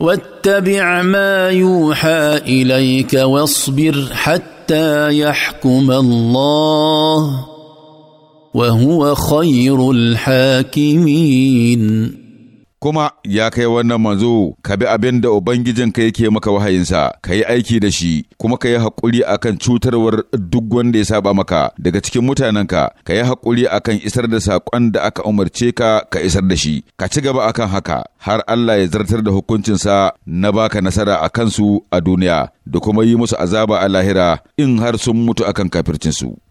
واتبع ما يوحى اليك واصبر حتى يحكم الله وهو خير الحاكمين kuma ya kai wannan manzo ka bi abin da ubangijinka yake maka wahayinsa ka yi aiki da shi kuma ka yi haƙuri akan cutarwar duk wanda ya saba maka daga cikin mutanenka ka yi haƙuri akan isar da saƙon da aka umarce ka ka isar da shi ka ci gaba akan haka har Allah ya zartar da hukuncinsa na baka nasara a kansu a duniya da kuma yi musu azaba a lahira in har sun mutu akan kafircinsu